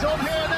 It's over here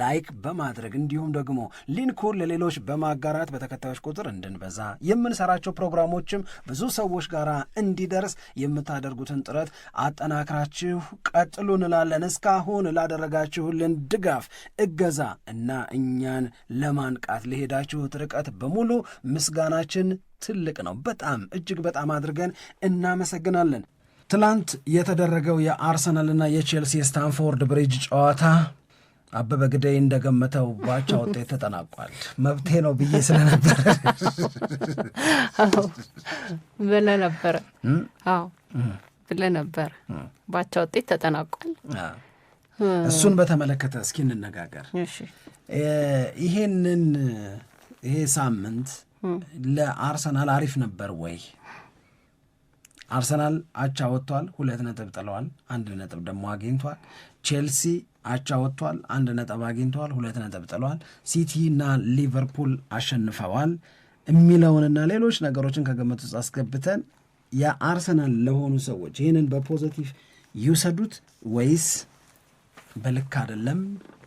ላይክ በማድረግ እንዲሁም ደግሞ ሊንኩን ለሌሎች በማጋራት በተከታዮች ቁጥር እንድንበዛ የምንሰራቸው ፕሮግራሞችም ብዙ ሰዎች ጋር እንዲደርስ የምታደርጉትን ጥረት አጠናክራችሁ ቀጥሉ እንላለን። እስካሁን ላደረጋችሁልን ድጋፍ፣ እገዛ እና እኛን ለማንቃት ለሄዳችሁት ርቀት በሙሉ ምስጋናችን ትልቅ ነው። በጣም እጅግ በጣም አድርገን እናመሰግናለን። ትላንት የተደረገው የአርሰናልና የቼልሲ ስታንፎርድ ብሪጅ ጨዋታ አበበ ግደይ እንደገመተው ባቻ ውጤት ተጠናቋል። መብቴ ነው ብዬ ስለነበረ ብለህ ነበረ። ብለ ነበረ። በአቻ ውጤት ተጠናቋል። እሱን በተመለከተ እስኪ እንነጋገር። ይሄንን ይሄ ሳምንት ለአርሰናል አሪፍ ነበር ወይ? አርሰናል አቻ ወጥቷል፣ ሁለት ነጥብ ጥለዋል፣ አንድ ነጥብ ደግሞ አግኝቷል። ቼልሲ አቻ ወጥቷል። አንድ ነጥብ አግኝተዋል። ሁለት ነጥብ ጥለዋል። ሲቲ እና ሊቨርፑል አሸንፈዋል የሚለውንና ሌሎች ነገሮችን ከግምት ውስጥ አስገብተን የአርሰናል ለሆኑ ሰዎች ይህንን በፖዘቲቭ ይውሰዱት ወይስ በልክ አይደለም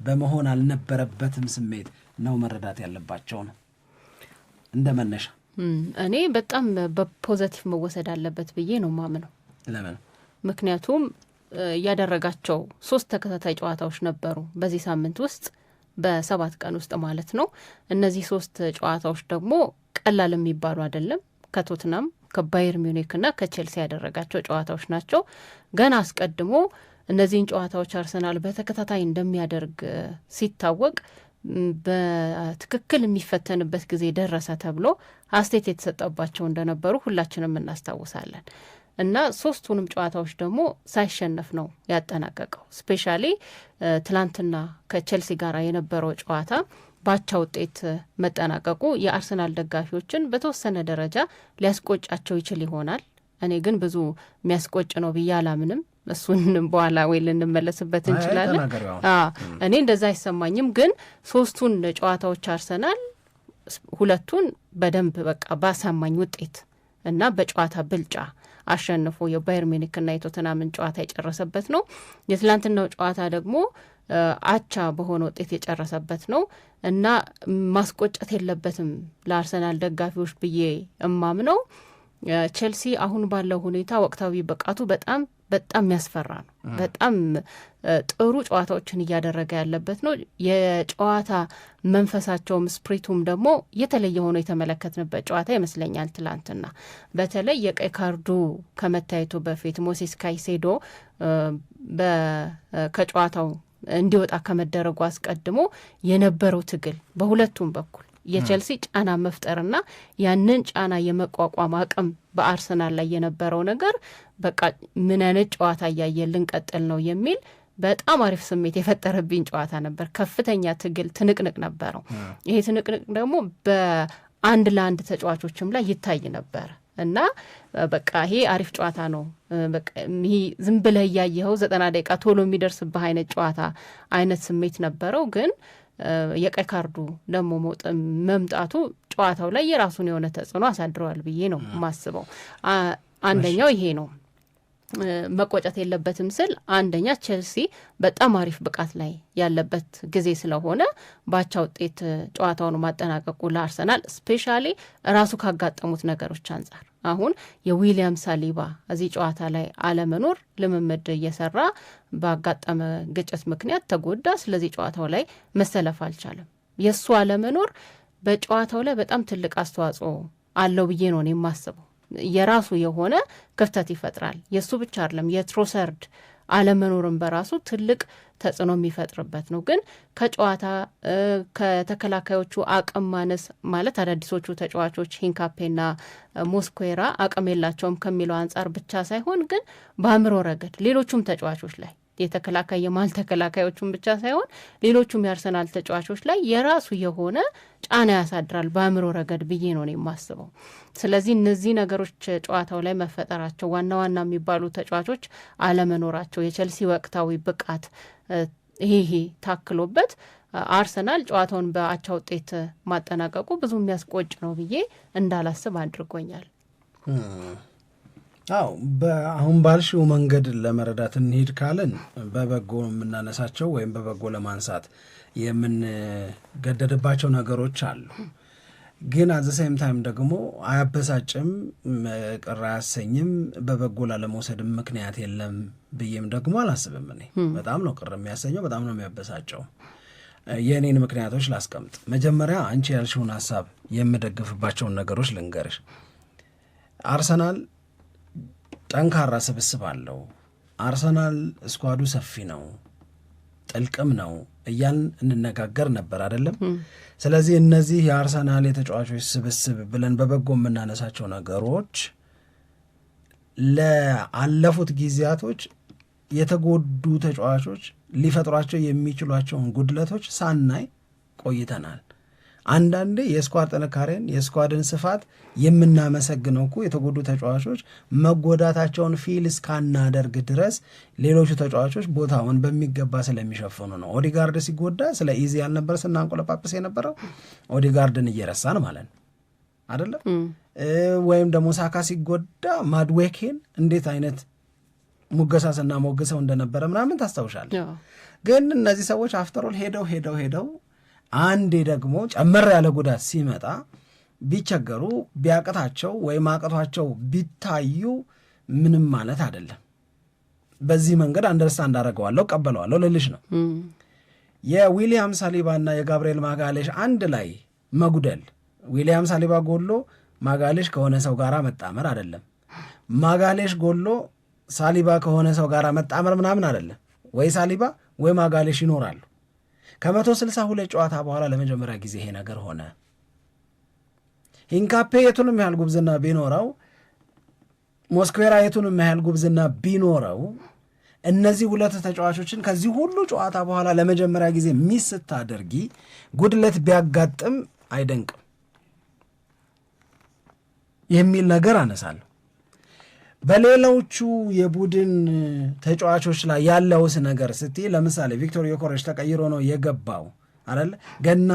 በመሆን አልነበረበትም ስሜት ነው መረዳት ያለባቸው ነው እንደ መነሻ እኔ በጣም በፖዘቲቭ መወሰድ አለበት ብዬ ነው ማምነው። ለምን? ምክንያቱም ያደረጋቸው ሶስት ተከታታይ ጨዋታዎች ነበሩ በዚህ ሳምንት ውስጥ በሰባት ቀን ውስጥ ማለት ነው። እነዚህ ሶስት ጨዋታዎች ደግሞ ቀላል የሚባሉ አይደለም። ከቶትናም ከባየር ሚውኒክና ከቼልሲ ያደረጋቸው ጨዋታዎች ናቸው። ገና አስቀድሞ እነዚህን ጨዋታዎች አርሰናል በተከታታይ እንደሚያደርግ ሲታወቅ በትክክል የሚፈተንበት ጊዜ ደረሰ ተብሎ አስተያየት የተሰጠባቸው እንደነበሩ ሁላችንም እናስታውሳለን። እና ሶስቱንም ጨዋታዎች ደግሞ ሳይሸነፍ ነው ያጠናቀቀው። ስፔሻሊ ትላንትና ከቼልሲ ጋር የነበረው ጨዋታ ባቻ ውጤት መጠናቀቁ የአርሰናል ደጋፊዎችን በተወሰነ ደረጃ ሊያስቆጫቸው ይችል ይሆናል። እኔ ግን ብዙ የሚያስቆጭ ነው ብዬ አላምንም። እሱንም በኋላ ወይ ልንመለስበት እንችላለን። እኔ እንደዛ አይሰማኝም። ግን ሶስቱን ጨዋታዎች አርሰናል ሁለቱን በደንብ በቃ ባሳማኝ ውጤት እና በጨዋታ ብልጫ አሸንፎ የባየር ሚኒክና የቶተናምን ጨዋታ የጨረሰበት ነው። የትላንትናው ጨዋታ ደግሞ አቻ በሆነ ውጤት የጨረሰበት ነው እና ማስቆጨት የለበትም ለአርሰናል ደጋፊዎች ብዬ እማም ነው ቼልሲ አሁን ባለው ሁኔታ ወቅታዊ ብቃቱ በጣም በጣም የሚያስፈራ ነው። በጣም ጥሩ ጨዋታዎችን እያደረገ ያለበት ነው። የጨዋታ መንፈሳቸውም ስፕሪቱም ደግሞ የተለየ ሆኖ የተመለከትንበት ጨዋታ ይመስለኛል። ትላንትና በተለይ የቀይ ካርዱ ከመታየቱ በፊት ሞሴስ ካይሴዶ ከጨዋታው እንዲወጣ ከመደረጉ አስቀድሞ የነበረው ትግል በሁለቱም በኩል የቼልሲ ጫና መፍጠርና ያንን ጫና የመቋቋም አቅም በአርሰናል ላይ የነበረው ነገር በቃ ምን አይነት ጨዋታ እያየን ልንቀጥል ነው የሚል በጣም አሪፍ ስሜት የፈጠረብኝ ጨዋታ ነበር። ከፍተኛ ትግል፣ ትንቅንቅ ነበረው። ይሄ ትንቅንቅ ደግሞ በአንድ ለአንድ ተጫዋቾችም ላይ ይታይ ነበር እና በቃ ይሄ አሪፍ ጨዋታ ነው። ይሄ ዝም ብለህ እያየኸው ዘጠና ደቂቃ ቶሎ የሚደርስብህ አይነት ጨዋታ አይነት ስሜት ነበረው ግን የቀይ ካርዱ ደግሞ መምጣቱ ጨዋታው ላይ የራሱን የሆነ ተጽዕኖ አሳድረዋል ብዬ ነው ማስበው። አንደኛው ይሄ ነው። መቆጨት የለበትም ስል አንደኛ ቼልሲ በጣም አሪፍ ብቃት ላይ ያለበት ጊዜ ስለሆነ ባቻ ውጤት ጨዋታውን ማጠናቀቁ ለአርሰናል ስፔሻሊ ራሱ ካጋጠሙት ነገሮች አንጻር አሁን የዊሊያም ሳሊባ እዚህ ጨዋታ ላይ አለመኖር ልምምድ እየሰራ ባጋጠመ ግጭት ምክንያት ተጎዳ። ስለዚህ ጨዋታው ላይ መሰለፍ አልቻለም። የእሱ አለመኖር በጨዋታው ላይ በጣም ትልቅ አስተዋጽኦ አለው ብዬ ነው የማስበው። የራሱ የሆነ ክፍተት ይፈጥራል። የእሱ ብቻ አይደለም የትሮሰርድ አለመኖርም በራሱ ትልቅ ተጽዕኖ የሚፈጥርበት ነው። ግን ከጨዋታ ከተከላካዮቹ አቅም ማነስ ማለት አዳዲሶቹ ተጫዋቾች ሂንካፔና ሞስኩዌራ አቅም የላቸውም ከሚለው አንጻር ብቻ ሳይሆን ግን በአእምሮ ረገድ ሌሎቹም ተጫዋቾች ላይ የተከላካይ የማል ተከላካዮቹን ብቻ ሳይሆን ሌሎቹም የአርሰናል ተጫዋቾች ላይ የራሱ የሆነ ጫና ያሳድራል በአእምሮ ረገድ ብዬ ነው የማስበው። ስለዚህ እነዚህ ነገሮች ጨዋታው ላይ መፈጠራቸው፣ ዋና ዋና የሚባሉ ተጫዋቾች አለመኖራቸው፣ የቸልሲ ወቅታዊ ብቃት ይሄ ይሄ ታክሎበት አርሰናል ጨዋታውን በአቻ ውጤት ማጠናቀቁ ብዙ የሚያስቆጭ ነው ብዬ እንዳላስብ አድርጎኛል። አው አሁን ባልሽው መንገድ ለመረዳት እንሄድ ካልን በበጎ የምናነሳቸው ወይም በበጎ ለማንሳት የምንገደድባቸው ነገሮች አሉ። ግን አዘ ሴም ታይም ደግሞ አያበሳጭም፣ ቅር አያሰኝም፣ በበጎ ላለመውሰድም ምክንያት የለም ብዬም ደግሞ አላስብም። እኔ በጣም ነው ቅር የሚያሰኘው፣ በጣም ነው የሚያበሳጨው። የእኔን ምክንያቶች ላስቀምጥ። መጀመሪያ አንቺ ያልሽውን ሀሳብ የምደግፍባቸውን ነገሮች ልንገርሽ። አርሰናል ጠንካራ ስብስብ አለው። አርሰናል እስኳዱ ሰፊ ነው፣ ጥልቅም ነው እያልን እንነጋገር ነበር አይደለም። ስለዚህ እነዚህ የአርሰናል የተጫዋቾች ስብስብ ብለን በበጎ የምናነሳቸው ነገሮች ለአለፉት ጊዜያቶች የተጎዱ ተጫዋቾች ሊፈጥሯቸው የሚችሏቸውን ጉድለቶች ሳናይ ቆይተናል። አንዳንዴ የስኳድ ጥንካሬን የስኳድን ስፋት የምናመሰግነው እኮ የተጎዱ ተጫዋቾች መጎዳታቸውን ፊል እስካናደርግ ድረስ ሌሎቹ ተጫዋቾች ቦታውን በሚገባ ስለሚሸፍኑ ነው። ኦዲጋርድ ሲጎዳ ስለ ኢዚ ያልነበረ ስናንቆለጳጵስ የነበረው ኦዲጋርድን እየረሳን ማለት ነው አደለም? ወይም ደግሞ ሳካ ሲጎዳ ማድዌኬን እንዴት አይነት ሙገሳ ስናሞግሰው እንደነበረ ምናምን ታስታውሻለህ። ግን እነዚህ ሰዎች አፍተሮል ሄደው ሄደው ሄደው አንዴ ደግሞ ጨመር ያለ ጉዳት ሲመጣ ቢቸገሩ ቢያቅታቸው ወይም አቅቷቸው ቢታዩ ምንም ማለት አይደለም። በዚህ መንገድ አንደርስታንድ አደርገዋለሁ፣ ቀበለዋለሁ ልልሽ ነው። የዊሊያም እና የጋብርኤል ማጋሌሽ አንድ ላይ መጉደል ዊሊያም ሳሊባ ጎሎ ማጋሌሽ ከሆነ ሰው ጋር መጣመር አይደለም። ማጋሌሽ ጎሎ ሳሊባ ከሆነ ሰው ጋር መጣመር ምናምን አይደለም። ወይ ሳሊባ ወይ ማጋሌሽ ይኖራሉ። ከመቶ ስልሳ ሁለት ጨዋታ በኋላ ለመጀመሪያ ጊዜ ይሄ ነገር ሆነ። ሂንካፔ የቱንም ያህል ጉብዝና ቢኖረው፣ ሞስኩዌራ የቱንም ያህል ጉብዝና ቢኖረው እነዚህ ሁለት ተጫዋቾችን ከዚህ ሁሉ ጨዋታ በኋላ ለመጀመሪያ ጊዜ ሚስ ስታደርጊ ጉድለት ቢያጋጥም አይደንቅም የሚል ነገር አነሳለሁ። በሌሎቹ የቡድን ተጫዋቾች ላይ ያለውስ ነገር ስትይ ለምሳሌ ቪክቶር ዮኮሬሽ ተቀይሮ ነው የገባው አይደለ? ገና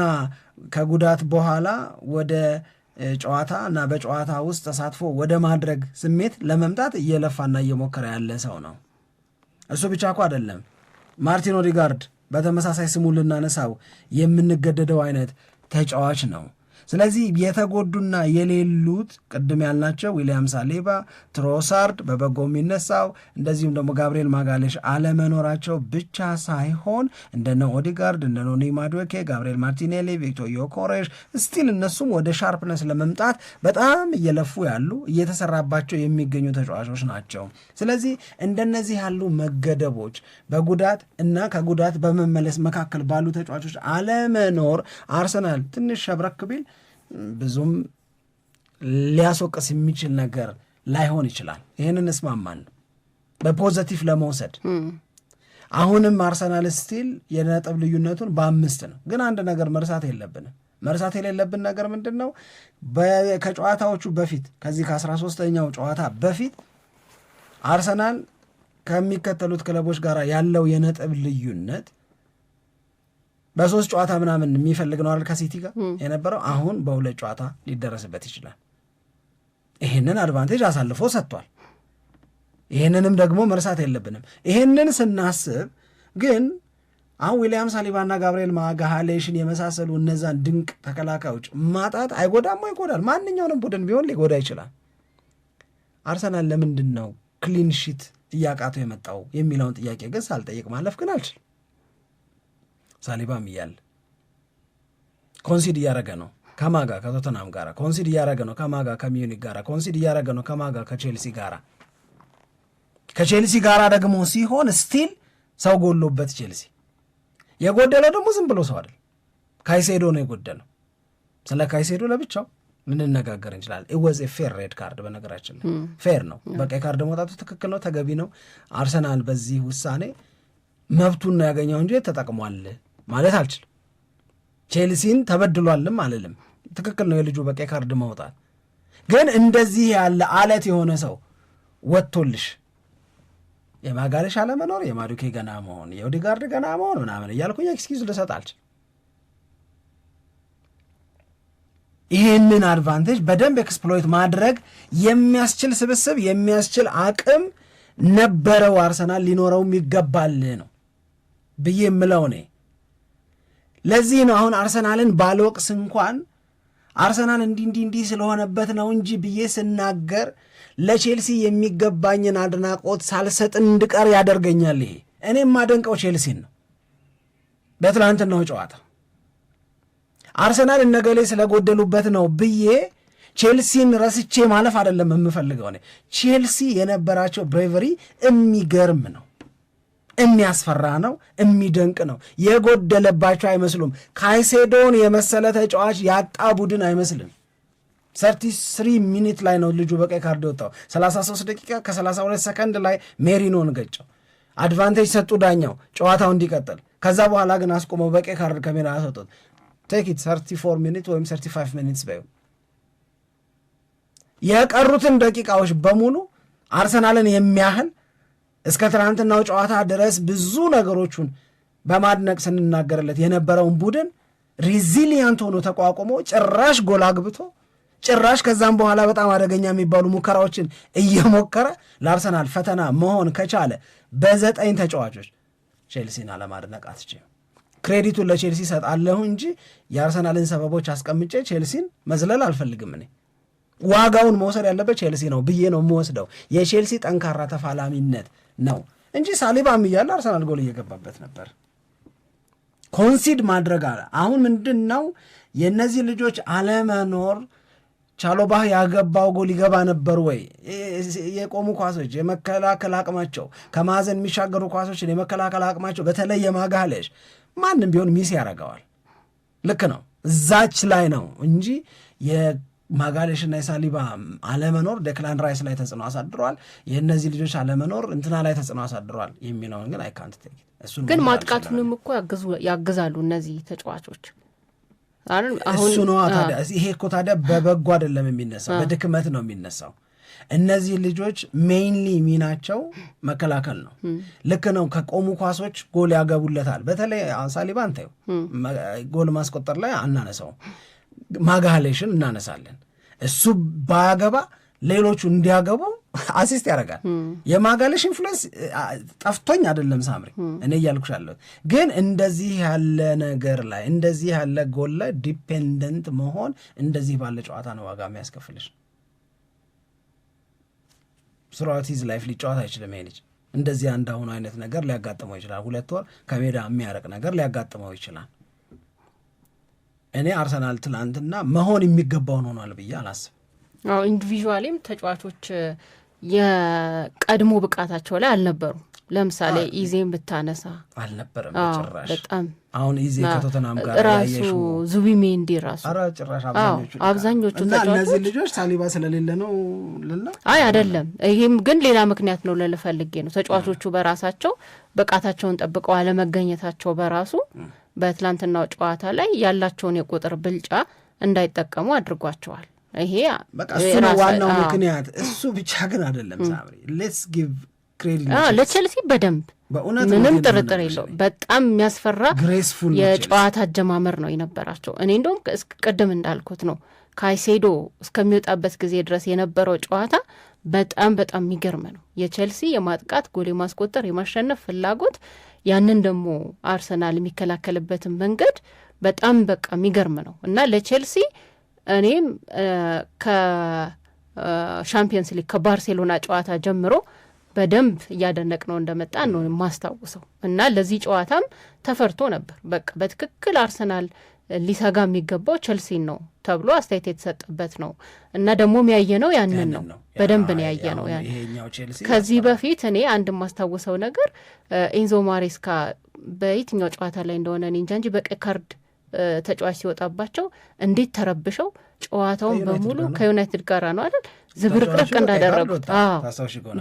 ከጉዳት በኋላ ወደ ጨዋታ እና በጨዋታ ውስጥ ተሳትፎ ወደ ማድረግ ስሜት ለመምጣት እየለፋና እየሞከረ ያለ ሰው ነው። እሱ ብቻ እኮ አይደለም። ማርቲን ኦዲጋርድ በተመሳሳይ ስሙ ልናነሳው የምንገደደው አይነት ተጫዋች ነው። ስለዚህ የተጎዱና የሌሉት ቅድም ያልናቸው ዊሊያም ሳሌባ፣ ትሮሳርድ በበጎ የሚነሳው እንደዚሁም ደግሞ ጋብርኤል ማጋሌሽ አለመኖራቸው ብቻ ሳይሆን እንደነ ኦዲጋርድ እንደነ ኖኒ ጋብርኤል ማርቲኔሊ፣ ቪክቶር ዮኮሬሽ እስቲል እነሱም ወደ ሻርፕነስ ለመምጣት በጣም እየለፉ ያሉ እየተሰራባቸው የሚገኙ ተጫዋቾች ናቸው። ስለዚህ እንደነዚህ ያሉ መገደቦች በጉዳት እና ከጉዳት በመመለስ መካከል ባሉ ተጫዋቾች አለመኖር አርሰናል ትንሽ ሸብረክ ቢል ብዙም ሊያስወቅስ የሚችል ነገር ላይሆን ይችላል። ይህንን እስማማን በፖዘቲቭ ለመውሰድ አሁንም አርሰናል ስቲል የነጥብ ልዩነቱን በአምስት ነው። ግን አንድ ነገር መርሳት የለብንም። መርሳት የሌለብን ነገር ምንድን ነው? ከጨዋታዎቹ በፊት ከዚህ ከአስራ ሶስተኛው ጨዋታ በፊት አርሰናል ከሚከተሉት ክለቦች ጋር ያለው የነጥብ ልዩነት በሶስት ጨዋታ ምናምን የሚፈልግ ነው አይደል ከሲቲ ጋር የነበረው አሁን በሁለት ጨዋታ ሊደረስበት ይችላል። ይህንን አድቫንቴጅ አሳልፎ ሰጥቷል። ይህንንም ደግሞ መርሳት የለብንም። ይህንን ስናስብ ግን አሁን ዊሊያም ሳሊባና ጋብርኤል ማጋሃሌሽን የመሳሰሉ እነዛን ድንቅ ተከላካዮች ማጣት አይጎዳም? ይጎዳል። ማንኛውንም ቡድን ቢሆን ሊጎዳ ይችላል። አርሰናል ለምንድን ነው ክሊንሺት እያቃተው የመጣው የሚለውን ጥያቄ ግን ሳልጠይቅ ማለፍ ግን አልችልም። ሳሊባ ምያል ኮንሲድ እያረገ ነው ከማጋ ከቶተናም ጋራ ኮንሲድ እያረገ ነው ከማጋ ከሚዩኒክ ጋራ ኮንሲድ እያረገ ነው ከማጋ ከቼልሲ ጋራ ከቼልሲ ጋራ ደግሞ ሲሆን ስቲል ሰው ጎሎበት ቼልሲ የጎደለው ደግሞ ዝም ብሎ ሰው አይደል ካይሴዶ ነው የጎደለው ስለ ካይሴዶ ለብቻው ልንነጋገር እንችላለን። ወዝ ፌር ሬድ ካርድ በነገራችን ላይ ፌር hmm. ነው። hmm. በቀይ ካርድ መውጣቱ ትክክል ነው፣ ተገቢ ነው። አርሰናል በዚህ ውሳኔ መብቱን ነው ያገኘው እንጂ ተጠቅሟል ማለት አልችልም። ቼልሲን ተበድሏልም አልልም። ትክክል ነው የልጁ በቀይ ካርድ መውጣት። ግን እንደዚህ ያለ አለት የሆነ ሰው ወጥቶልሽ የማጋለሽ አለመኖር፣ የማዱኬ ገና መሆን፣ የኦዲጋርድ ገና መሆን ምናምን እያልኩኝ ኤክስኪዝ ልሰጥ አልችል። ይህንን አድቫንቴጅ በደንብ ኤክስፕሎይት ማድረግ የሚያስችል ስብስብ የሚያስችል አቅም ነበረው አርሰናል ሊኖረውም ይገባል ነው ብዬ የምለው እኔ። ለዚህ ነው አሁን አርሰናልን ባልወቅስ እንኳን አርሰናል እንዲህ እንዲህ እንዲህ ስለሆነበት ነው እንጂ ብዬ ስናገር ለቼልሲ የሚገባኝን አድናቆት ሳልሰጥ እንድቀር ያደርገኛል። ይሄ እኔም ማደንቀው ቼልሲን ነው። በትላንትናው ጨዋታ አርሰናል እነገሌ ስለጎደሉበት ነው ብዬ ቼልሲን ረስቼ ማለፍ አይደለም የምፈልገው። ቼልሲ የነበራቸው ብሬቨሪ የሚገርም ነው። የሚያስፈራ ነው፣ የሚደንቅ ነው። የጎደለባቸው አይመስሉም። ካይሴዶን የመሰለ ተጫዋች ያጣ ቡድን አይመስልም። 33 ሚኒት ላይ ነው ልጁ በቀይ ካርድ ወጣው። 33 ደቂቃ ከ32 ሰከንድ ላይ ሜሪኖን ገጨው። አድቫንቴጅ ሰጡ ዳኛው ጨዋታው እንዲቀጥል። ከዛ በኋላ ግን አስቆመው በቀይ ካርድ ከሜዳ ሰጡት። ቴኪት 34 ሚኒት ወይም 35 ሚኒት በዩ የቀሩትን ደቂቃዎች በሙሉ አርሰናልን የሚያህል እስከ ትናንትናው ጨዋታ ድረስ ብዙ ነገሮቹን በማድነቅ ስንናገርለት የነበረውን ቡድን ሪዚሊያንት ሆኖ ተቋቁሞ ጭራሽ ጎል አግብቶ ጭራሽ ከዛም በኋላ በጣም አደገኛ የሚባሉ ሙከራዎችን እየሞከረ ለአርሰናል ፈተና መሆን ከቻለ በዘጠኝ ተጫዋቾች ቼልሲን አለማድነቅ አትችም። ክሬዲቱን ለቼልሲ እሰጣለሁ እንጂ የአርሰናልን ሰበቦች አስቀምጬ ቼልሲን መዝለል አልፈልግም። እኔ ዋጋውን መውሰድ ያለበት ቼልሲ ነው ብዬ ነው የምወስደው። የቼልሲ ጠንካራ ተፋላሚነት ነው እንጂ ሳሊባም እያለ አርሰናል ጎል እየገባበት ነበር። ኮንሲድ ማድረግ አለ። አሁን ምንድን ነው የእነዚህ ልጆች አለመኖር ቻሎባህ ያገባው ጎል ይገባ ነበር ወይ? የቆሙ ኳሶች፣ የመከላከል አቅማቸው፣ ከማዕዘን የሚሻገሩ ኳሶችን የመከላከል አቅማቸው፣ በተለይ የማጋለሽ ማንም ቢሆን ሚስ ያደርገዋል። ልክ ነው እዛች ላይ ነው እንጂ ማጋሌሽና እና የሳሊባ አለመኖር ደክላን ራይስ ላይ ተጽዕኖ አሳድረዋል፣ የእነዚህ ልጆች አለመኖር እንትና ላይ ተጽዕኖ አሳድረዋል የሚለውን ግን አይካንት ግን ማጥቃቱንም እኮ ያግዛሉ እነዚህ ተጫዋቾች። እሱ ነዋ ታዲያ። ይሄ እኮ ታዲያ በበጎ አይደለም የሚነሳው፣ በድክመት ነው የሚነሳው። እነዚህ ልጆች ሜይንሊ ሚናቸው መከላከል ነው። ልክ ነው። ከቆሙ ኳሶች ጎል ያገቡለታል። በተለይ ሳሊባ እንታዩ ጎል ማስቆጠር ላይ አናነሰውም ማጋሌሽን እናነሳለን። እሱ ባያገባ ሌሎቹ እንዲያገቡ አሲስት ያደርጋል። የማጋሌሽ ኢንፍሉዌንስ ጠፍቶኝ አይደለም ሳምሪ፣ እኔ እያልኩሽ ያለሁት ግን እንደዚህ ያለ ነገር ላይ እንደዚህ ያለ ጎል ላይ ዲፔንደንት መሆን እንደዚህ ባለ ጨዋታ ነው ዋጋ የሚያስከፍልሽ። ስራት ሂዝ ላይፍ ሊጫወት አይችልም ይሄ ልጅ። እንደዚህ አንድ አሁኑ አይነት ነገር ሊያጋጥመው ይችላል። ሁለት ወር ከሜዳ የሚያረቅ ነገር ሊያጋጥመው ይችላል። እኔ አርሰናል ትላንትና መሆን የሚገባውን ሆኗል ብዬ አላስብ። አዎ ተጫዋቾች የቀድሞ ብቃታቸው ላይ አልነበሩ። ለምሳሌ ኢዜን ብታነሳ አልነበረም ጭራሽ በጣም አሁን ኢዜ ከቶተናም ጋር ራሱ ዙቢሜንዲ ራሱ ጭራሽ አብዛኞቹ እና እነዚህ ልጆች ሳሊባ ስለሌለ ነው ልና አይ አይደለም። ይህም ግን ሌላ ምክንያት ነው ልልፈልጌ ነው። ተጫዋቾቹ በራሳቸው ብቃታቸውን ጠብቀው አለመገኘታቸው በራሱ በትላንትናው ጨዋታ ላይ ያላቸውን የቁጥር ብልጫ እንዳይጠቀሙ አድርጓቸዋል። ይሄ በቃ እሱ ነው ዋናው ምክንያት። እሱ ብቻ ግን አይደለም። ሳምሪ ሌትስ ጊቭ ለቼልሲ በደንብ ምንም ጥርጥር የለው። በጣም የሚያስፈራ የጨዋታ አጀማመር ነው የነበራቸው። እኔ እንደውም ቅድም እንዳልኩት ነው ካይሴዶ እስከሚወጣበት ጊዜ ድረስ የነበረው ጨዋታ በጣም በጣም የሚገርም ነው። የቼልሲ የማጥቃት ጎል የማስቆጠር የማሸነፍ ፍላጎት ያንን ደግሞ አርሰናል የሚከላከልበትን መንገድ በጣም በቃ የሚገርም ነው እና ለቼልሲ እኔም ከሻምፒየንስ ሊግ ከባርሴሎና ጨዋታ ጀምሮ በደንብ እያደነቅ ነው እንደመጣ ነው የማስታውሰው እና ለዚህ ጨዋታም ተፈርቶ ነበር። በቃ በትክክል አርሰናል ሊሰጋ የሚገባው ቸልሲን ነው ተብሎ አስተያየት የተሰጠበት ነው። እና ደግሞ የሚያየ ነው ያንን ነው በደንብ ነው ያየ ነው። ከዚህ በፊት እኔ አንድ የማስታውሰው ነገር ኢንዞ ማሬስካ በየትኛው ጨዋታ ላይ እንደሆነ እኔ እንጃ እንጂ በቀይ ካርድ ተጫዋች ሲወጣባቸው እንዴት ተረብሸው ጨዋታውን በሙሉ ከዩናይትድ ጋር ነው አይደል ዝብርቅርቅ እንዳደረጉት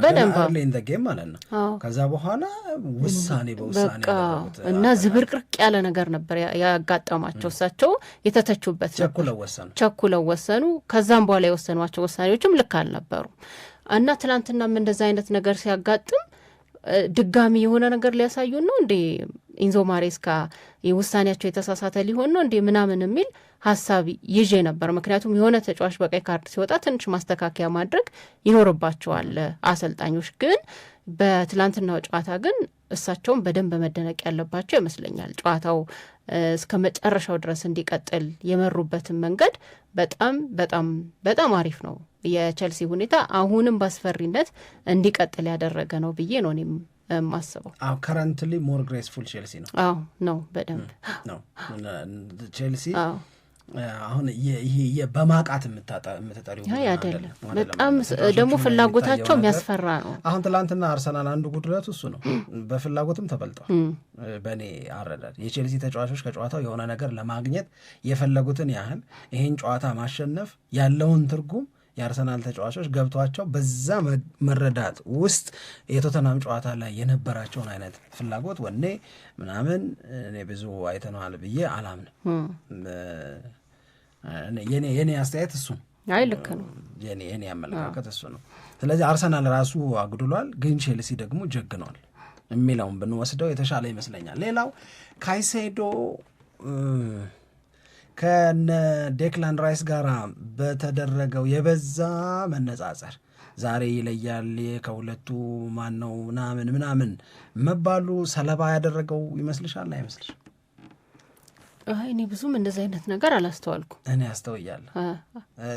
በደንብ ማለት ነው። ከዛ በኋላ ውሳኔ በውሳኔ እና ዝብርቅርቅ ያለ ነገር ነበር ያጋጠማቸው። እሳቸው የተተቹበት ቸኩለው ወሰኑ። ከዛም በኋላ የወሰኗቸው ውሳኔዎችም ልክ አልነበሩ እና ትናንትናም እንደዚ አይነት ነገር ሲያጋጥም ድጋሚ የሆነ ነገር ሊያሳዩ ነው እንዴ ኢንዞ ማሬስካ ውሳኔያቸው የተሳሳተ ሊሆን ነው እንዴ ምናምን የሚል ሀሳብ ይዤ ነበር። ምክንያቱም የሆነ ተጫዋች በቀይ ካርድ ሲወጣ ትንሽ ማስተካከያ ማድረግ ይኖርባቸዋል አሰልጣኞች። ግን በትላንትናው ጨዋታ ግን እሳቸውን በደንብ መደነቅ ያለባቸው ይመስለኛል። ጨዋታው እስከ መጨረሻው ድረስ እንዲቀጥል የመሩበትን መንገድ በጣም በጣም በጣም አሪፍ ነው። የቸልሲ ሁኔታ አሁንም በአስፈሪነት እንዲቀጥል ያደረገ ነው ብዬ ነው እኔም ማስበው ከረንትሊ ሞር ግሬስፉል ቼልሲ ነው። አዎ ነው፣ በደንብ ነው ቼልሲ አሁን ይሄ በማቃት የምትጠሪው አይደለም። በጣም ደግሞ ፍላጎታቸው የሚያስፈራ ነው። አሁን ትላንትና አርሰናል አንዱ ጉድለት እሱ ነው። በፍላጎትም ተበልጧል። በእኔ አረዳድ የቼልሲ ተጫዋቾች ከጨዋታው የሆነ ነገር ለማግኘት የፈለጉትን ያህል ይሄን ጨዋታ ማሸነፍ ያለውን ትርጉም የአርሰናል ተጫዋቾች ገብቷቸው በዛ መረዳት ውስጥ የቶተናም ጨዋታ ላይ የነበራቸውን አይነት ፍላጎት ወኔ ምናምን እኔ ብዙ አይተነዋል ብዬ አላምንም። የኔ አስተያየት እሱ አይ ልክ ነው። የኔ አመለካከት እሱ ነው። ስለዚህ አርሰናል ራሱ አግድሏል፣ ግን ቼልሲ ደግሞ ጀግኗል የሚለውን ብንወስደው የተሻለ ይመስለኛል። ሌላው ካይሴዶ ከነ ዴክላን ራይስ ጋር በተደረገው የበዛ መነጻጸር ዛሬ ይለያል ከሁለቱ ማን ነው ምናምን ምናምን መባሉ ሰለባ ያደረገው ይመስልሻል? አይመስልሽ? አይ እኔ ብዙም እንደዚህ አይነት ነገር አላስተዋልኩ። እኔ አስተውያለሁ።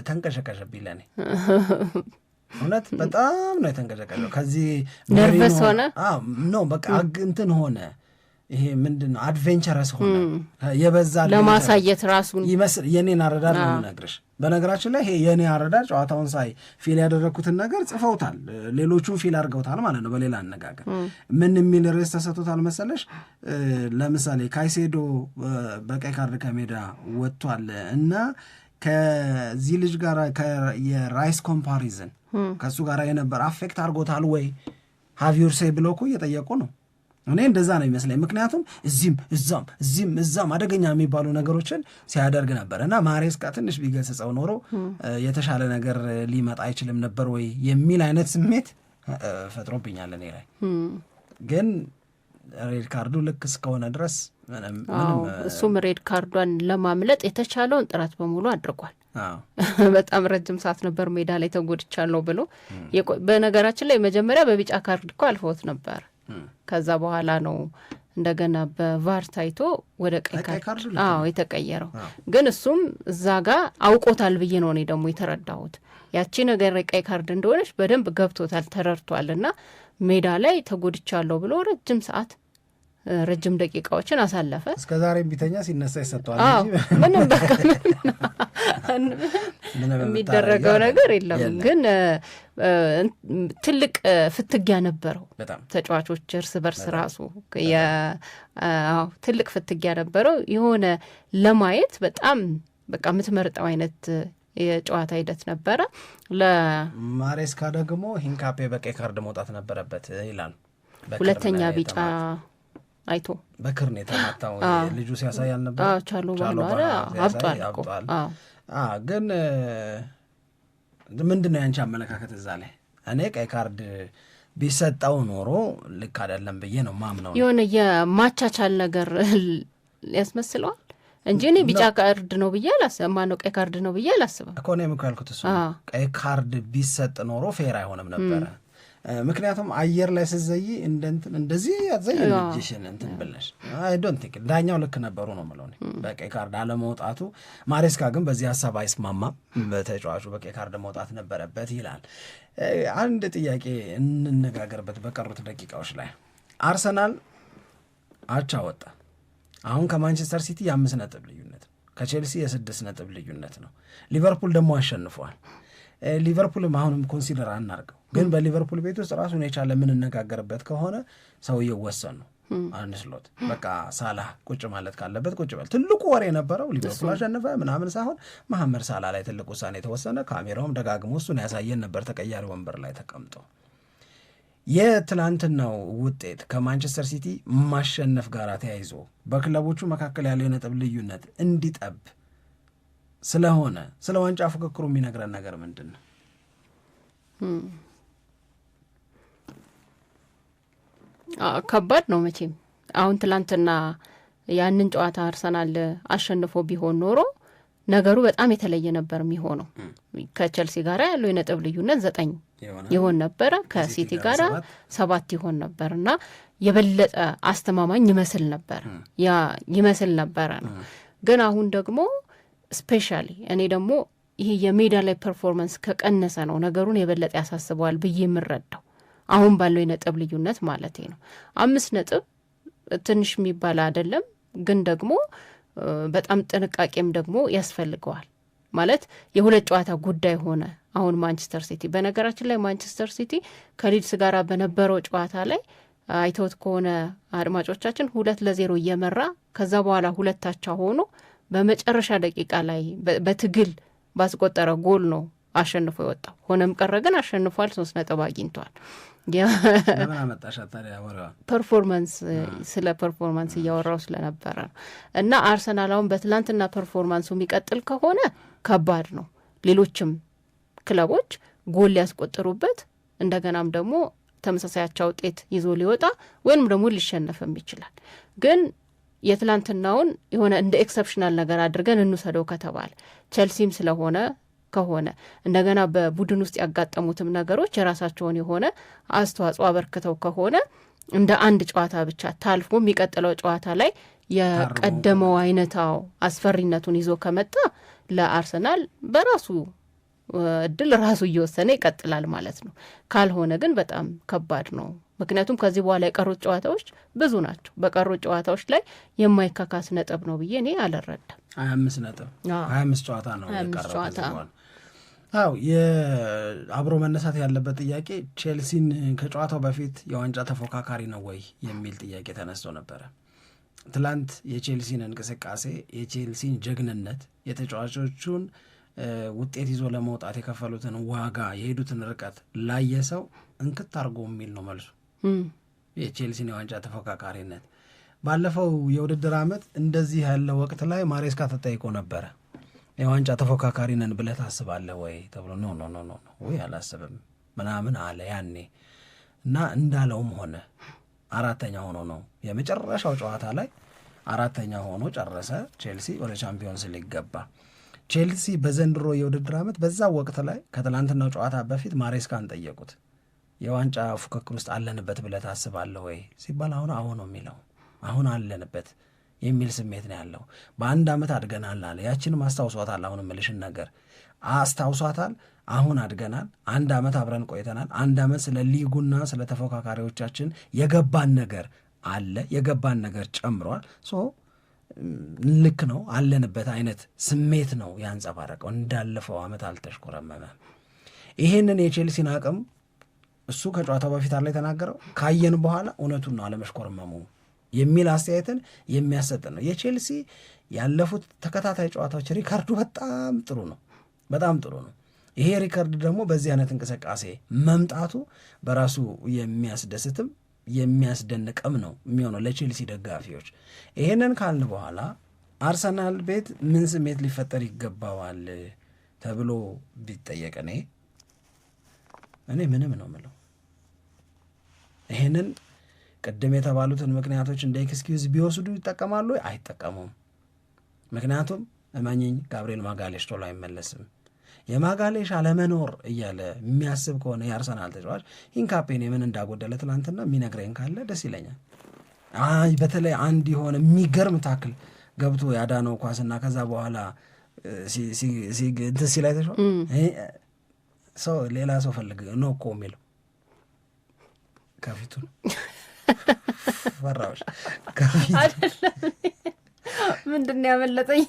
ተንቀሸቀሸብኝ። ለእኔ እውነት በጣም ነው የተንቀሸቀሸው። ከዚህ ነርቨስ ሆነ ነው በቃ እንትን ሆነ ይሄ ምንድን ነው አድቬንቸረስ ሆነ የበዛ ለማሳየት ራሱን ይመስል የኔን አረዳድ ነው የምነግርሽ። በነገራችን ላይ ይሄ የኔ አረዳድ ጨዋታውን ሳይ ፊል ያደረግኩትን ነገር ጽፈውታል፣ ሌሎቹም ፊል አድርገውታል ማለት ነው። በሌላ አነጋገር ምን የሚል ርዕስ ተሰቶታል መሰለሽ? ለምሳሌ ካይሴዶ በቀይ ካርድ ከሜዳ ወጥቷል እና ከዚህ ልጅ ጋር የራይስ ኮምፓሪዝን ከእሱ ጋር የነበር አፌክት አድርጎታል ወይ ሀቪዮር ሴ ብለው እኮ እየጠየቁ ነው እኔ እንደዛ ነው ይመስለኝ። ምክንያቱም እዚህም እዛም እዚህም እዛም አደገኛ የሚባሉ ነገሮችን ሲያደርግ ነበር እና ማሬስካ ትንሽ ቢገስጸው ኖሮ የተሻለ ነገር ሊመጣ አይችልም ነበር ወይ የሚል አይነት ስሜት ፈጥሮብኛል እኔ ላይ ግን ሬድ ካርዱ ልክ እስከሆነ ድረስ እሱም ሬድ ካርዷን ለማምለጥ የተቻለውን ጥረት በሙሉ አድርጓል። በጣም ረጅም ሰዓት ነበር ሜዳ ላይ ተጎድቻለሁ ብሎ። በነገራችን ላይ መጀመሪያ በቢጫ ካርድ እኮ አልፎት ነበር። ከዛ በኋላ ነው እንደገና በቫር ታይቶ ወደ ቀይ ካርድ የተቀየረው። ግን እሱም እዛ ጋ አውቆታል ብዬ ነው እኔ ደግሞ የተረዳሁት። ያቺ ነገር ቀይ ካርድ እንደሆነች በደንብ ገብቶታል ተረድቷል። እና ሜዳ ላይ ተጎድቻለሁ ብሎ ረጅም ሰዓት ረጅም ደቂቃዎችን አሳለፈ። እስከ ዛሬ ቢተኛ ሲነሳ ይሰጠዋል። ምንም በቃ የሚደረገው ነገር የለም። ግን ትልቅ ፍትጊያ ነበረው። ተጫዋቾች እርስ በርስ ራሱ ትልቅ ፍትጊያ ነበረው። የሆነ ለማየት በጣም በቃ የምትመርጠው አይነት የጨዋታ ሂደት ነበረ። ለማሬስካ ደግሞ ሂንካፔ በቀይ ካርድ መውጣት ነበረበት ይላል። ሁለተኛ ቢጫ አይቶ በክር ነው የተመታው ልጁ ሲያሳይ አልነበረ ቻሎ ባለ አብጧል ግን ምንድን ነው ያንቺ አመለካከት እዛ ላይ እኔ ቀይ ካርድ ቢሰጠው ኖሮ ልክ አይደለም ብዬ ነው ማምነው የሆነ የማቻቻል ነገር ያስመስለዋል እንጂ እኔ ቢጫ ካርድ ነው ብዬ አላስብም ማነው ቀይ ካርድ ነው ብዬ አላስብም እኮ እኔም እኮ ያልኩት እሱ ቀይ ካርድ ቢሰጥ ኖሮ ፌር አይሆንም ነበረ ምክንያቱም አየር ላይ እንደንትን እንደዚህ ያትዘይ ልጅሽን እንትን ብለሽ ዶን ቲንክ ዳኛው ልክ ነበሩ ነው የምለው እኔ በቀይ ካርድ አለመውጣቱ። ማሬስካ ግን በዚህ ሀሳብ አይስማማም። በተጫዋቹ በቀይ ካርድ መውጣት ነበረበት ይላል። አንድ ጥያቄ እንነጋገርበት በቀሩት ደቂቃዎች ላይ አርሰናል አቻ ወጣ። አሁን ከማንቸስተር ሲቲ የአምስት ነጥብ ልዩነት ከቼልሲ የስድስት ነጥብ ልዩነት ነው። ሊቨርፑል ደግሞ አሸንፏል። ሊቨርፑልም አሁንም ኮንሲደር አናርገው፣ ግን በሊቨርፑል ቤት ውስጥ ራሱን የቻለ የምንነጋገርበት ከሆነ ሰውዬው ወሰኑ ነው። አንድ ስሎት በቃ ሳላህ ቁጭ ማለት ካለበት ቁጭ በል። ትልቁ ወሬ የነበረው ሊቨርፑል አሸነፈ ምናምን ሳይሆን መሐመድ ሳላ ላይ ትልቅ ውሳኔ የተወሰነ፣ ካሜራውም ደጋግሞ እሱን ያሳየን ነበር ተቀያሪ ወንበር ላይ ተቀምጦ የትላንትናው ውጤት ከማንቸስተር ሲቲ ማሸነፍ ጋር ተያይዞ በክለቦቹ መካከል ያለው የነጥብ ልዩነት እንዲጠብ ስለሆነ ስለ ዋንጫ ፉክክሩ የሚነግረን ነገር ምንድን ነው? ከባድ ነው መቼም። አሁን ትላንትና ያንን ጨዋታ አርሰናል አሸንፎ ቢሆን ኖሮ ነገሩ በጣም የተለየ ነበር የሚሆነው። ከቸልሲ ጋር ያለው የነጥብ ልዩነት ዘጠኝ ይሆን ነበረ፣ ከሲቲ ጋር ሰባት ይሆን ነበር እና የበለጠ አስተማማኝ ይመስል ነበር ይመስል ነበረ ነው ግን አሁን ደግሞ ስፔሻሊ እኔ ደግሞ ይሄ የሜዳ ላይ ፐርፎርመንስ ከቀነሰ ነው ነገሩን የበለጠ ያሳስበዋል ብዬ የምረዳው አሁን ባለው የነጥብ ልዩነት ማለት ነው። አምስት ነጥብ ትንሽ የሚባል አይደለም፣ ግን ደግሞ በጣም ጥንቃቄም ደግሞ ያስፈልገዋል ማለት የሁለት ጨዋታ ጉዳይ ሆነ። አሁን ማንቸስተር ሲቲ በነገራችን ላይ ማንቸስተር ሲቲ ከሊድስ ጋር በነበረው ጨዋታ ላይ አይተውት ከሆነ አድማጮቻችን ሁለት ለዜሮ እየመራ ከዛ በኋላ ሁለታቻ ሆኖ በመጨረሻ ደቂቃ ላይ በትግል ባስቆጠረ ጎል ነው አሸንፎ የወጣው። ሆነም ቀረ ግን አሸንፏል። ሶስት ነጥብ አግኝቷል። ፐርፎርማንስ ስለ ፐርፎርማንስ እያወራው ስለነበረ ነው እና አርሰናል አሁን በትላንትና ፐርፎርማንሱ የሚቀጥል ከሆነ ከባድ ነው። ሌሎችም ክለቦች ጎል ሊያስቆጥሩበት እንደገናም ደግሞ ተመሳሳያቸው ውጤት ይዞ ሊወጣ ወይም ደግሞ ሊሸነፍም ይችላል ግን የትላንትናውን የሆነ እንደ ኤክሰፕሽናል ነገር አድርገን እንውሰደው ከተባለ ቸልሲም ስለሆነ ከሆነ እንደገና በቡድን ውስጥ ያጋጠሙትም ነገሮች የራሳቸውን የሆነ አስተዋጽኦ አበርክተው ከሆነ እንደ አንድ ጨዋታ ብቻ ታልፎ የሚቀጥለው ጨዋታ ላይ የቀደመው አይነታው አስፈሪነቱን ይዞ ከመጣ ለአርሰናል በራሱ እድል ራሱ እየወሰነ ይቀጥላል ማለት ነው። ካልሆነ ግን በጣም ከባድ ነው። ምክንያቱም ከዚህ በኋላ የቀሩት ጨዋታዎች ብዙ ናቸው። በቀሩት ጨዋታዎች ላይ የማይካካስ ነጥብ ነው ብዬ እኔ አልረዳም። ሀያ አምስት ነጥብ ሀያ አምስት ጨዋታ ነው የቀረው። አዎ የአብሮ መነሳት ያለበት ጥያቄ ቼልሲን ከጨዋታው በፊት የዋንጫ ተፎካካሪ ነው ወይ የሚል ጥያቄ ተነስቶ ነበረ። ትላንት የቼልሲን እንቅስቃሴ የቼልሲን ጀግንነት የተጫዋቾቹን ውጤት ይዞ ለመውጣት የከፈሉትን ዋጋ የሄዱትን ርቀት ላየ ሰው እንክት አድርጎ የሚል ነው መልሱ። የቼልሲን የዋንጫ ተፎካካሪነት ባለፈው የውድድር ዓመት እንደዚህ ያለ ወቅት ላይ ማሬስካ ተጠይቆ ነበረ። የዋንጫ ተፎካካሪ ነን ብለህ ታስባለህ ወይ ተብሎ ኖ ኖ ኖ ኖ ወይ አላስብም ምናምን አለ ያኔ እና እንዳለውም ሆነ። አራተኛ ሆኖ ነው የመጨረሻው ጨዋታ ላይ አራተኛ ሆኖ ጨረሰ። ቼልሲ ወደ ቻምፒዮንስ ሊግ ገባ። ቼልሲ በዘንድሮ የውድድር ዓመት በዛ ወቅት ላይ ከትላንትናው ጨዋታ በፊት ማሬስካን ጠየቁት። የዋንጫ ፉክክር ውስጥ አለንበት ብለህ ታስባለህ ወይ ሲባል አሁን አሁን ነው የሚለው አሁን አለንበት የሚል ስሜት ነው ያለው። በአንድ ዓመት አድገናል አለ። ያችንም አስታውሷታል። አሁን ምልሽን ነገር አስታውሷታል። አሁን አድገናል። አንድ ዓመት አብረን ቆይተናል። አንድ ዓመት ስለ ሊጉና ስለ ተፎካካሪዎቻችን የገባን ነገር አለ የገባን ነገር ጨምሯል። ልክ ነው አለንበት አይነት ስሜት ነው ያንጸባረቀው። እንዳለፈው ዓመት አልተሽኮረመመም። ይሄንን የቼልሲን አቅም እሱ ከጨዋታው በፊት አለ የተናገረው ካየን በኋላ እውነቱን ነው አለመሽኮርመሙ የሚል አስተያየትን የሚያሰጥ ነው። የቼልሲ ያለፉት ተከታታይ ጨዋታዎች ሪካርዱ በጣም ጥሩ ነው፣ በጣም ጥሩ ነው። ይሄ ሪከርድ ደግሞ በዚህ አይነት እንቅስቃሴ መምጣቱ በራሱ የሚያስደስትም የሚያስደንቅም ነው የሚሆነው ለቼልሲ ደጋፊዎች። ይሄንን ካልን በኋላ አርሰናል ቤት ምን ስሜት ሊፈጠር ይገባዋል ተብሎ ቢጠየቅ እኔ እኔ ምንም ነው ምለው። ይሄንን ቅድም የተባሉትን ምክንያቶች እንደ ኤክስኪውዝ ቢወስዱ ይጠቀማሉ አይጠቀሙም? ምክንያቱም እመኝኝ ጋብርኤል ማጋሌሽ ቶሎ አይመለስም። የማጋሌሽ አለመኖር እያለ የሚያስብ ከሆነ የአርሰናል ተጫዋች ኢንካፔን የምን እንዳጎደለ ትናንትና የሚነግረኝ ካለ ደስ ይለኛል። አይ በተለይ አንድ የሆነ የሚገርም ታክል ገብቶ ያዳነው ኳስና ከዛ በኋላ ትሲ ላይ ተሸ ሰው ሌላ ሰው ፈልግ ነው እኮ የሚለው ከፊቱ ፈራዎች ምንድን ያመለጠኝ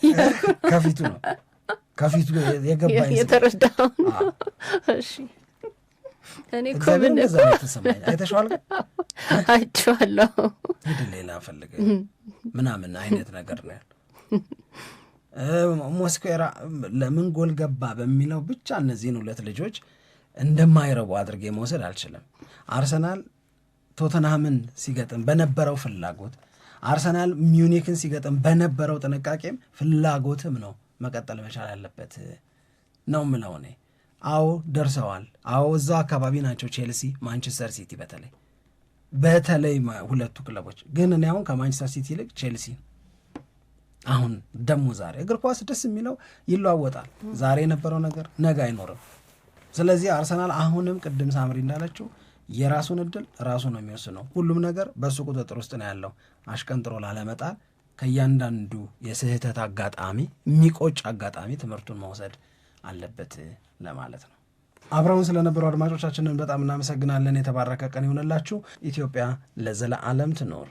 ከፊቱ ነው ከፊቱ የገባ የተረዳው እኔ እኮ ምን አይተሸዋል አይቼዋለሁ ሂድ ሌላ ፈልገ ምናምን አይነት ነገር ነው ያለው። ሞስኩዌራ ለምን ጎል ገባ በሚለው ብቻ እነዚህን ሁለት ልጆች እንደማይረቡ አድርጌ መውሰድ አልችልም። አርሰናል ቶተንሃምን ሲገጥም በነበረው ፍላጎት፣ አርሰናል ሚዩኒክን ሲገጥም በነበረው ጥንቃቄም ፍላጎትም ነው መቀጠል መቻል አለበት ነው ምለው እኔ። አዎ ደርሰዋል። አዎ እዛው አካባቢ ናቸው ቼልሲ፣ ማንቸስተር ሲቲ በተለይ በተለይ ሁለቱ ክለቦች ግን እኔ አሁን ከማንቸስተር ሲቲ ይልቅ ቼልሲ አሁን ደግሞ ዛሬ እግር ኳስ ደስ የሚለው ይለዋወጣል። ዛሬ የነበረው ነገር ነገ አይኖርም። ስለዚህ አርሰናል አሁንም ቅድም ሳምሪ እንዳለችው የራሱን እድል ራሱ ነው የሚወስነው። ሁሉም ነገር በእሱ ቁጥጥር ውስጥ ነው ያለው። አሽቀንጥሮ ላለመጣል ከእያንዳንዱ የስህተት አጋጣሚ የሚቆጭ አጋጣሚ ትምህርቱን መውሰድ አለበት ለማለት ነው። አብረውን ስለነበሩ አድማጮቻችንን በጣም እናመሰግናለን። የተባረከ ቀን ይሆንላችሁ። ኢትዮጵያ ለዘለዓለም ትኖር።